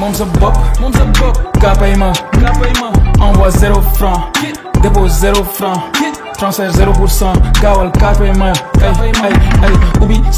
moom sa bop, moom paiement paiement envoie zéro franc dépôt 0 franc transfert 0%, pour cent gaawal ka paiement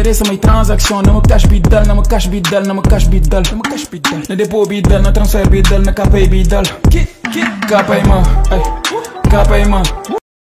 Интереса мој транзакцион На макаш би дал, на макаш би дал, на макаш би дал На макаш би дал На депо би дал, на трансфер би дал, на капе би дал Капе има, ай Капе има